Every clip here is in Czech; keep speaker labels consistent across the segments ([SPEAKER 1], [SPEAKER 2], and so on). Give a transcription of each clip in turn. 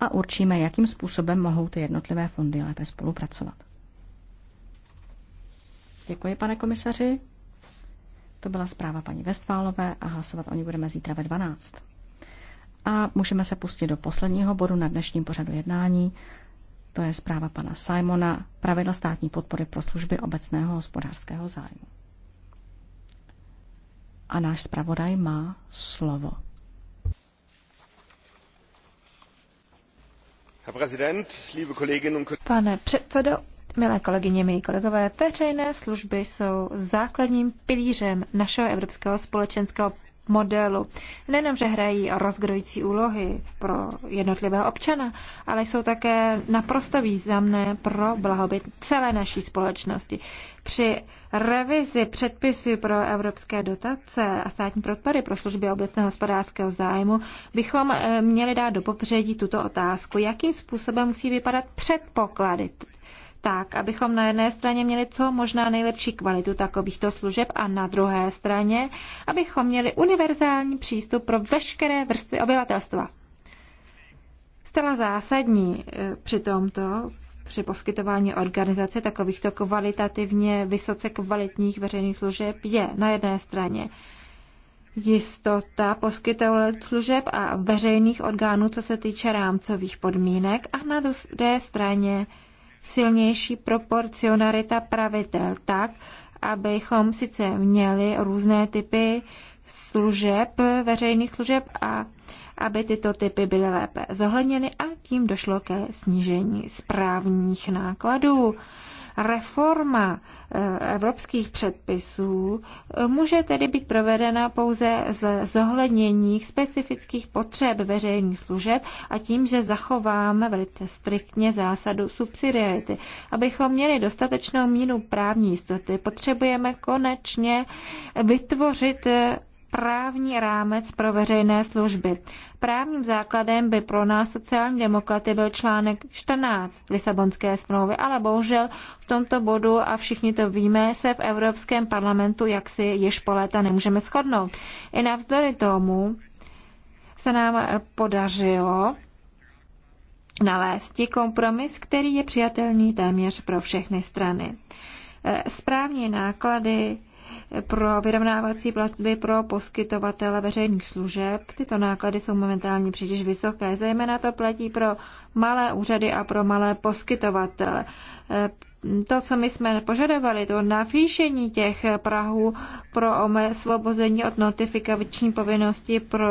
[SPEAKER 1] a určíme, jakým způsobem mohou ty jednotlivé fondy lépe spolupracovat. Děkuji, pane komisaři. To byla zpráva paní Westfálové a hlasovat o ní budeme zítra ve 12. A můžeme se pustit do posledního bodu na dnešním pořadu jednání. To je zpráva pana Simona, pravidla státní podpory pro služby obecného hospodářského zájmu. A náš zpravodaj má slovo.
[SPEAKER 2] Pane předsedo, milé kolegyně, milí kolegové, veřejné služby jsou základním pilířem našeho evropského společenského modelu. Nejenom, že hrají rozgrojící úlohy pro jednotlivého občana, ale jsou také naprosto významné pro blahobyt celé naší společnosti. Při revizi předpisů pro evropské dotace a státní podpory pro služby obecného hospodářského zájmu bychom eh, měli dát do popředí tuto otázku, jakým způsobem musí vypadat předpoklady tak, abychom na jedné straně měli co možná nejlepší kvalitu takovýchto služeb a na druhé straně, abychom měli univerzální přístup pro veškeré vrstvy obyvatelstva. Stala zásadní e, při tomto při poskytování organizace takovýchto kvalitativně vysoce kvalitních veřejných služeb je na jedné straně jistota poskytovat služeb a veřejných orgánů, co se týče rámcových podmínek, a na druhé straně silnější proporcionalita pravidel tak, abychom sice měli různé typy služeb, veřejných služeb a aby tyto typy byly lépe zohledněny a tím došlo ke snížení správních nákladů. Reforma eh, evropských předpisů eh, může tedy být provedena pouze z zohlednění specifických potřeb veřejných služeb a tím, že zachováme velice striktně zásadu subsidiarity. Abychom měli dostatečnou míru právní jistoty, potřebujeme konečně vytvořit eh, právní rámec pro veřejné služby. Právním základem by pro nás sociální demokraty byl článek 14 Lisabonské smlouvy, ale bohužel v tomto bodu, a všichni to víme, se v Evropském parlamentu jaksi již po léta nemůžeme shodnout. I navzdory tomu se nám podařilo nalézt kompromis, který je přijatelný téměř pro všechny strany. E, správní náklady pro vyrovnávací platby pro poskytovatele veřejných služeb. Tyto náklady jsou momentálně příliš vysoké, zejména to platí pro malé úřady a pro malé poskytovatele to, co my jsme požadovali, to navýšení těch Prahů pro osvobození od notifikační povinnosti pro,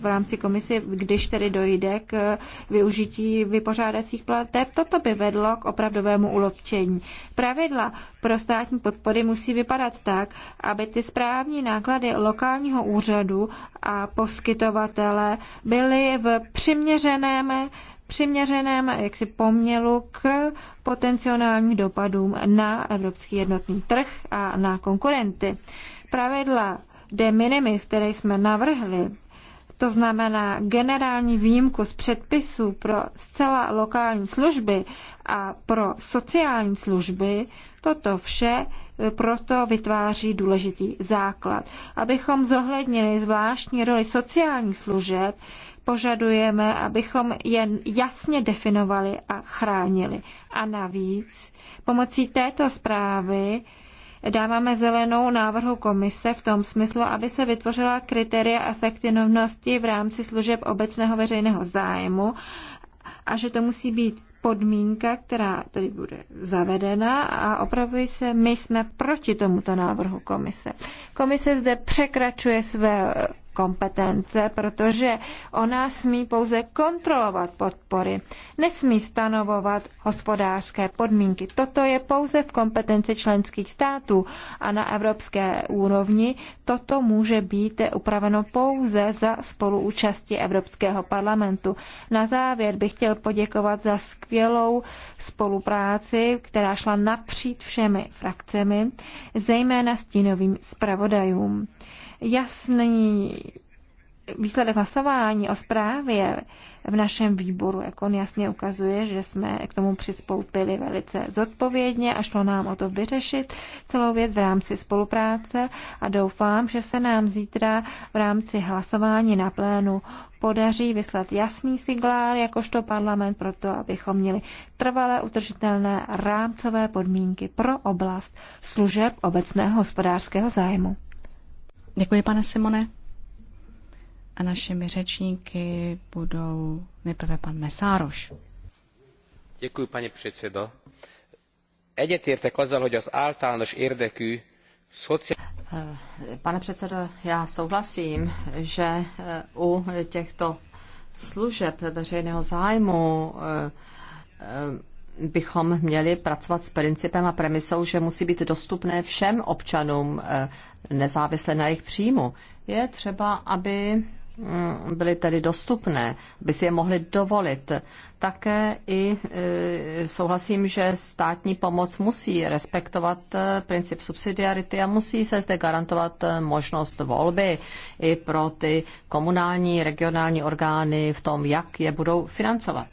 [SPEAKER 2] v rámci komisy, když tedy dojde k využití vypořádacích plateb, toto by vedlo k opravdovému ulovčení. Pravidla pro státní podpory musí vypadat tak, aby ty správní náklady lokálního úřadu a poskytovatele byly v přiměřeném přiměřeném jaksi pomělu k potenciálním dopadům na evropský jednotný trh a na konkurenty. Pravidla de minimis, které jsme navrhli, to znamená generální výjimku z předpisů pro zcela lokální služby a pro sociální služby, toto vše eh, proto vytváří důležitý základ. Abychom zohlednili zvláštní roli sociálních služeb, požadujeme, abychom jen jasně definovali a chránili. A navíc pomocí této zprávy dáváme zelenou návrhu komise v tom smyslu, aby se vytvořila kritéria efektivnosti v rámci služeb obecného veřejného zájmu a že to musí být podmínka, která tady bude zavedena a opravuji se, my jsme proti tomuto návrhu komise. Komise zde překračuje své kompetence, protože ona smí pouze kontrolovat podpory, nesmí stanovovat hospodářské podmínky. Toto je pouze v kompetenci členských států a na evropské úrovni toto může být upraveno pouze za spoluúčasti Evropského parlamentu. Na závěr bych chtěl poděkovat za skvělou spolupráci, která šla napříč všemi frakcemi, zejména stínovým zpravodajům jasný výsledek hlasování o zprávě v našem výboru jak on jasně ukazuje, že jsme k tomu přispoupili velice zodpovědně a šlo nám o to vyřešit celou věc v rámci spolupráce a doufám, že se nám zítra v rámci hlasování na plénu podaří vyslat jasný signál jakožto parlament pro to, abychom měli trvalé, utržitelné rámcové podmínky pro
[SPEAKER 1] oblast služeb obecného hospodářského zájmu. Děkuji, pane Simone. A našimi řečníky budou nejprve pan Mesároš.
[SPEAKER 3] Děkuji, pane předsedo. Egyetértek azzal, hogy az általános érdekű eh, Pane předsedo, já souhlasím, že eh, u těchto služeb veřejného zájmu eh, bychom měli pracovat s principem a premisou, že musí být dostupné všem občanům eh, nezávisle na jejich příjmu. Je třeba, aby mm, byly tedy dostupné, by si je mohli dovolit. Také i eh, souhlasím, že státní pomoc musí respektovat eh, princip subsidiarity a musí se zde garantovat možnost volby i pro ty komunální, regionální orgány v tom, jak je budou financovat.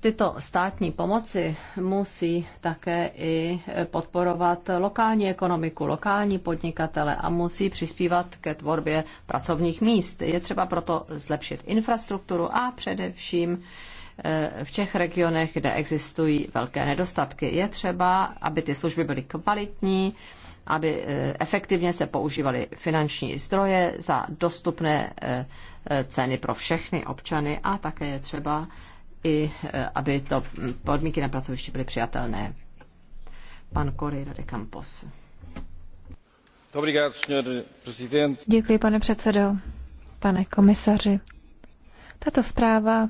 [SPEAKER 3] Tyto státní pomoci musí také i podporovat lokální ekonomiku, lokální podnikatele a musí přispívat ke tvorbě pracovních míst. Je třeba proto zlepšit infrastrukturu a především eh, v těch regionech, kde existují velké nedostatky. Je třeba, aby ty služby byly kvalitní, aby eh, efektivně se používaly finanční zdroje za dostupné eh, ceny pro všechny občany a také je třeba i e, aby to podmínky na pracovišti byly přijatelné. Pan Kory de Campos.
[SPEAKER 2] Děkuji, pane předsedo, pane komisaři. Tato zpráva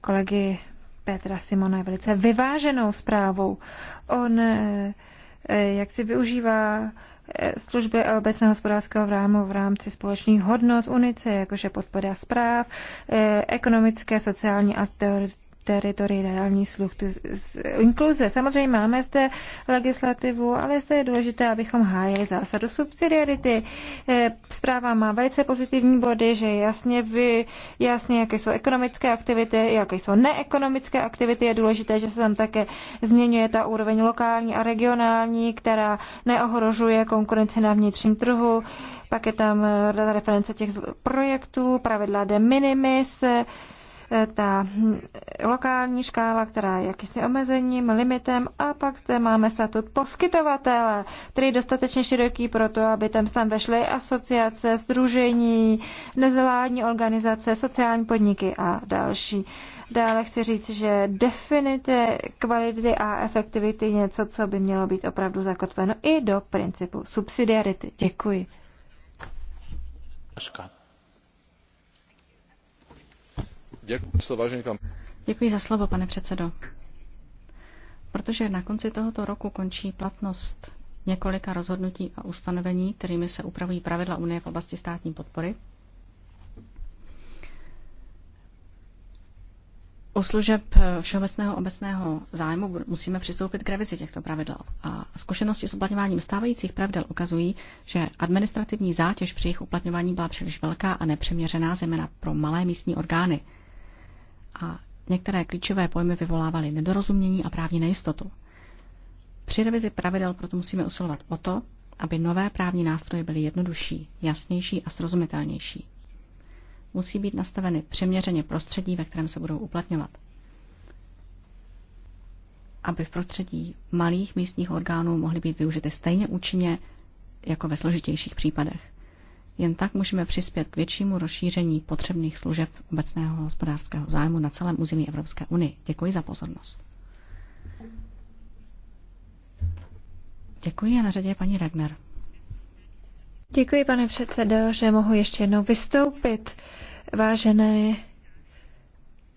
[SPEAKER 2] kolegy Petra Simona je velice vyváženou zprávou. On e, e, jak si využívá služby obecného hospodářského rámu v rámci společných hodnot UNICE, jakože podpora zpráv, eh, ekonomické, sociální a teoretické teritoriální sluch, inkluze. Samozřejmě máme zde legislativu, ale zde je důležité, abychom hájili zásadu subsidiarity. Eh, zpráva má velice pozitivní body, že jasně, vy, jasně jaké jsou ekonomické aktivity, jaké jsou neekonomické aktivity. Je důležité, že se tam také změňuje ta úroveň lokální a regionální, která neohrožuje konkurenci na vnitřním trhu. Pak je tam eh, reference těch projektů, pravidla de minimis, ta lokální škála, která je jakýsi omezením, limitem a pak zde máme statut poskytovatele, který je dostatečně široký pro to, aby tam tam vešly asociace, združení, nezvládní organizace, sociální podniky a další. Dále chci říct, že definity kvality a efektivity je něco, co by mělo být opravdu zakotveno i do principu subsidiarity. Děkuji. Škoda.
[SPEAKER 1] Děkuji za slovo, pane předsedo. Protože na konci tohoto roku končí platnost několika rozhodnutí a ustanovení, kterými se upravují pravidla Unie v oblasti státní podpory. U služeb všeobecného obecného zájmu musíme přistoupit k revizi těchto pravidel. A zkušenosti s uplatňováním stávajících pravidel ukazují, že administrativní zátěž při jejich uplatňování byla příliš velká a nepřiměřená, zejména pro malé místní orgány – a některé klíčové pojmy vyvolávaly nedorozumění a právní nejistotu. Při revizi pravidel proto musíme usilovat o to, aby nové právní nástroje byly jednodušší, jasnější a srozumitelnější. Musí být nastaveny přiměřeně prostředí, ve kterém se budou uplatňovat. Aby v prostředí malých místních orgánů mohly být využity stejně účinně jako ve složitějších případech. Jen tak můžeme přispět k většímu rozšíření potřebných služeb obecného hospodářského zájmu na celém území Evropské unie. Děkuji za pozornost. Děkuji a na řadě je paní Regner.
[SPEAKER 2] Děkuji, pane předsedo, že mohu ještě jednou vystoupit. Vážené,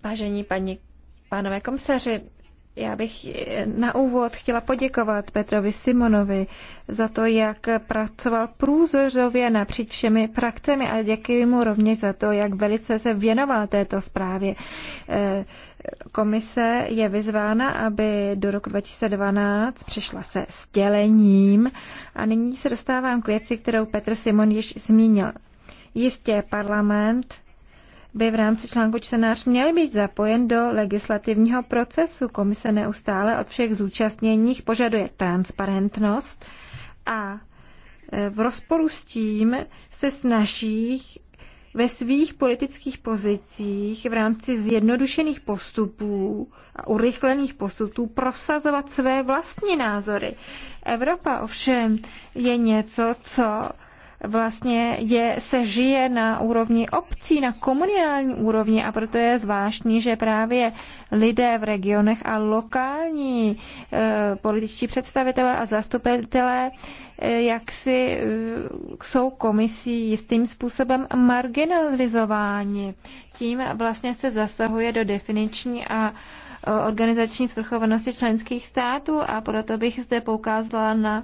[SPEAKER 2] vážení paní, pánové komisaři, já bych na úvod chtěla poděkovat Petrovi Simonovi za to, jak pracoval průzorově napříč všemi frakcemi a děkuji mu rovněž za to, jak velice se věnoval této zprávě. Eh, komise je vyzvána, aby do roku 2012 přišla se sdělením a nyní se dostávám k věci, kterou Petr Simon již zmínil. Jistě parlament by v rámci článku čtenář měl být zapojen do legislativního procesu. Komise neustále od všech zúčastněních požaduje transparentnost a e, v rozporu s tím se snaží ve svých politických pozicích v rámci zjednodušených postupů a urychlených postupů prosazovat své vlastní názory. Evropa ovšem je něco, co vlastně je, se žije na úrovni obcí, na komunální úrovni a proto je zvláštní, že právě lidé v regionech a lokální e, političtí představitelé a zastupitelé e, eh, jaksi e, eh, jsou komisí jistým způsobem marginalizováni. Tím vlastně se zasahuje do definiční a organizační svrchovanosti členských států a proto bych zde poukázala na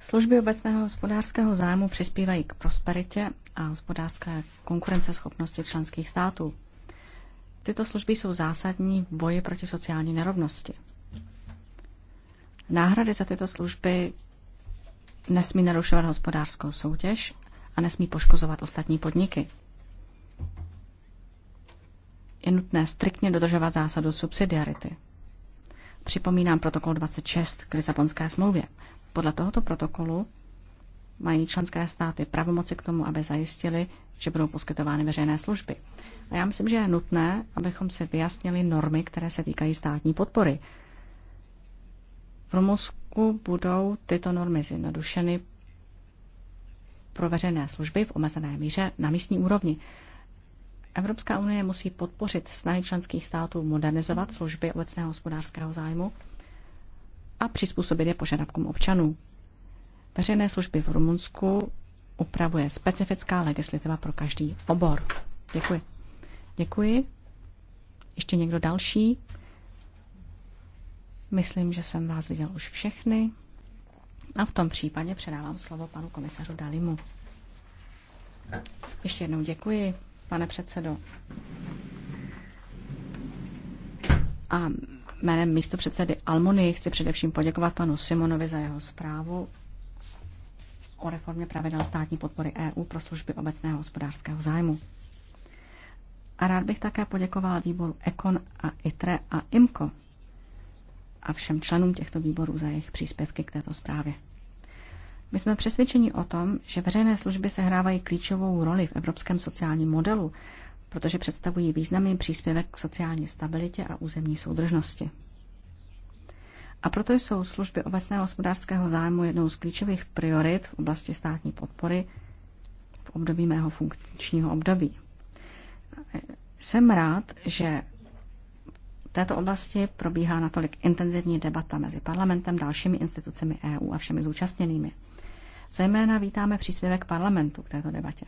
[SPEAKER 1] Služby obecného hospodářského zájmu přispívají k prosperitě a hospodářské konkurenceschopnosti členských států. Tyto služby jsou zásadní v boji proti sociální nerovnosti. Náhrady za tyto služby nesmí narušovat hospodářskou soutěž a nesmí poškozovat ostatní podniky. Je nutné striktně dodržovat zásadu subsidiarity. Připomínám protokol 26 k Lisabonské smlouvě. Podle tohoto protokolu mají členské státy pravomoci k tomu, aby zajistili, že budou poskytovány veřejné služby. A já myslím, že je nutné, abychom si vyjasnili normy, které se týkají státní podpory. V Rumunsku budou tyto normy zjednodušeny pro veřejné služby v omezené míře na místní úrovni. Evropská unie musí podpořit snahy členských států modernizovat služby obecného hospodářského zájmu a přizpůsobit je požadavkům občanů. Veřejné služby v Rumunsku upravuje specifická legislativa pro každý obor. Děkuji. Děkuji. Ještě někdo další? Myslím, že jsem vás viděl už všechny. A v tom případě předávám slovo panu komisařu Dalimu. Ještě jednou děkuji, pane předsedo. A Jménem místo předsedy Almony chci především poděkovat panu Simonovi za jeho zprávu o reformě pravidel státní podpory EU pro služby obecného hospodářského zájmu. A rád bych také poděkoval výboru Econ a ITRE a IMCO a všem členům těchto výborů za jejich příspěvky k této zprávě. My jsme přesvědčeni o tom, že veřejné služby sehrávají klíčovou roli v evropském sociálním modelu protože představují významný příspěvek k sociální stabilitě a územní soudržnosti. A proto jsou služby obecného hospodářského zájmu jednou z klíčových priorit v oblasti státní podpory v období mého funkčního období. Jsem rád, že v této oblasti probíhá natolik intenzivní debata mezi parlamentem, dalšími institucemi EU a všemi zúčastněnými. Zejména vítáme příspěvek parlamentu k této debatě.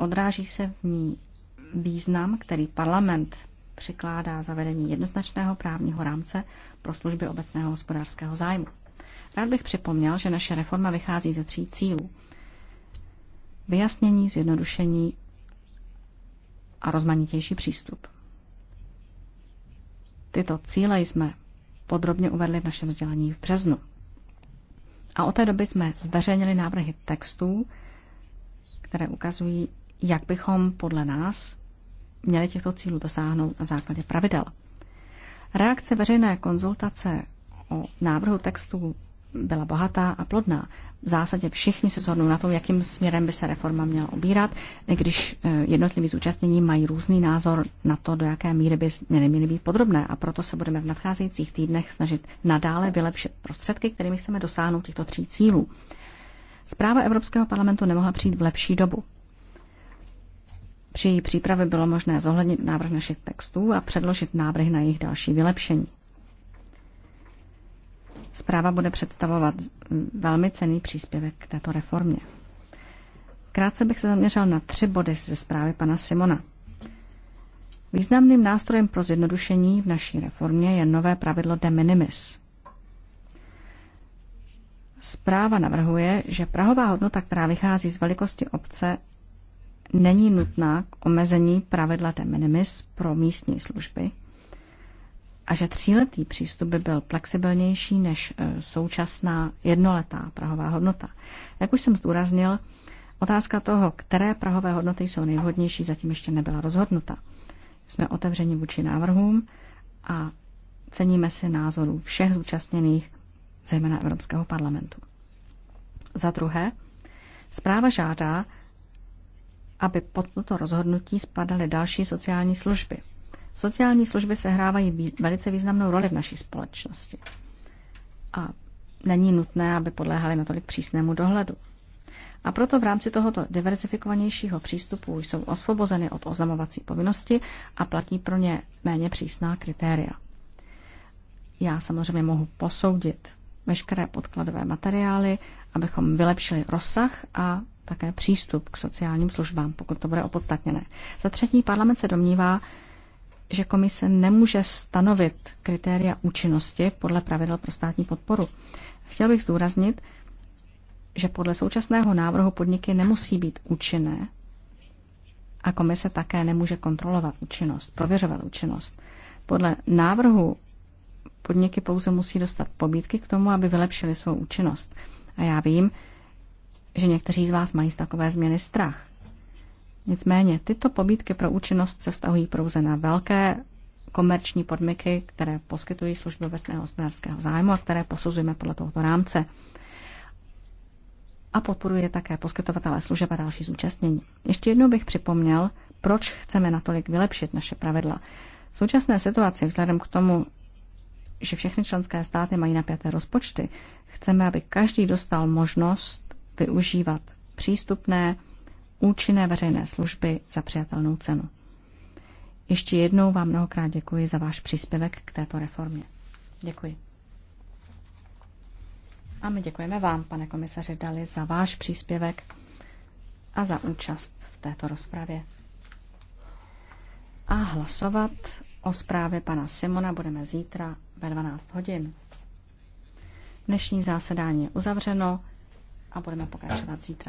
[SPEAKER 1] Odráží se v ní význam, který parlament přikládá zavedení jednoznačného právního rámce pro služby obecného hospodářského zájmu. Rád bych připomněl, že naše reforma vychází ze tří cílů. Vyjasnění, zjednodušení a rozmanitější přístup. Tyto cíle jsme podrobně uvedli v našem vzdělání v březnu. A od té doby jsme zveřejnili návrhy textů, které ukazují, jak bychom podle nás měli těchto cílů dosáhnout na základě pravidel. Reakce veřejné konzultace o návrhu textu byla bohatá a plodná. V zásadě všichni se shodnou na tom, jakým směrem by se reforma měla obírat, i když e, jednotliví zúčastnění mají různý názor na to, do jaké míry by měly, měly být podrobné. A proto se budeme v nadcházejících týdnech snažit nadále vylepšit prostředky, kterými chceme dosáhnout těchto tří cílů. Zpráva Evropského parlamentu nemohla přijít v lepší dobu. Při její přípravě bylo možné zohlednit návrh našich textů a předložit návrhy na jejich další vylepšení. Zpráva bude představovat velmi cený příspěvek k této reformě. Krátce bych se zaměřil na tři body ze zprávy pana Simona. Významným nástrojem pro zjednodušení v naší reformě je nové pravidlo de minimis. Zpráva navrhuje, že prahová hodnota, která vychází z velikosti obce, není nutná k omezení pravidla de minimis pro místní služby a že tříletý přístup by byl flexibilnější než e, současná jednoletá prahová hodnota. Jak už jsem zdůraznil, otázka toho, které prahové hodnoty jsou nejvhodnější, zatím ještě nebyla rozhodnuta. Jsme otevřeni vůči návrhům a ceníme si názorů všech zúčastněných, zejména Evropského parlamentu. Za druhé, zpráva žádá, aby pod toto rozhodnutí spadaly další sociální služby. Sociální služby sehrávají velice významnou roli v naší společnosti. A není nutné, aby podléhaly natolik přísnému dohledu. A proto v rámci tohoto diverzifikovanějšího přístupu jsou osvobozeny od oznamovací povinnosti a platí pro ně méně přísná kritéria. Já samozřejmě mohu posoudit veškeré podkladové materiály, abychom vylepšili rozsah a také přístup k sociálním službám, pokud to bude opodstatněné. Za třetí, parlament se domnívá, že komise nemůže stanovit kritéria účinnosti podle pravidel pro státní podporu. Chtěl bych zdůraznit, že podle současného návrhu podniky nemusí být účinné a komise také nemůže kontrolovat účinnost, prověřovat účinnost. Podle návrhu podniky pouze musí dostat pobídky k tomu, aby vylepšili svou účinnost. A já vím, že někteří z vás mají z takové změny strach. Nicméně tyto pobídky pro účinnost se vztahují pouze na velké komerční podmyky, které poskytují služby obecného hospodářského zájmu a které posuzujeme podle tohoto rámce. A podporuje také poskytovatele služeb a další zúčastnění. Ještě jednou bych připomněl, proč chceme natolik vylepšit naše pravidla. V současné situaci, vzhledem k tomu, že všechny členské státy mají napjaté rozpočty, chceme, aby každý dostal možnost využívat přístupné, účinné veřejné služby za přijatelnou cenu. Ještě jednou vám mnohokrát děkuji za váš příspěvek k této reformě. Děkuji. A my děkujeme vám, pane komisaři Dali, za váš příspěvek a za účast v této rozpravě. A hlasovat o zprávě pana Simona budeme zítra ve 12 hodin. Dnešní zásedání je uzavřeno a budeme pokračovat zítra.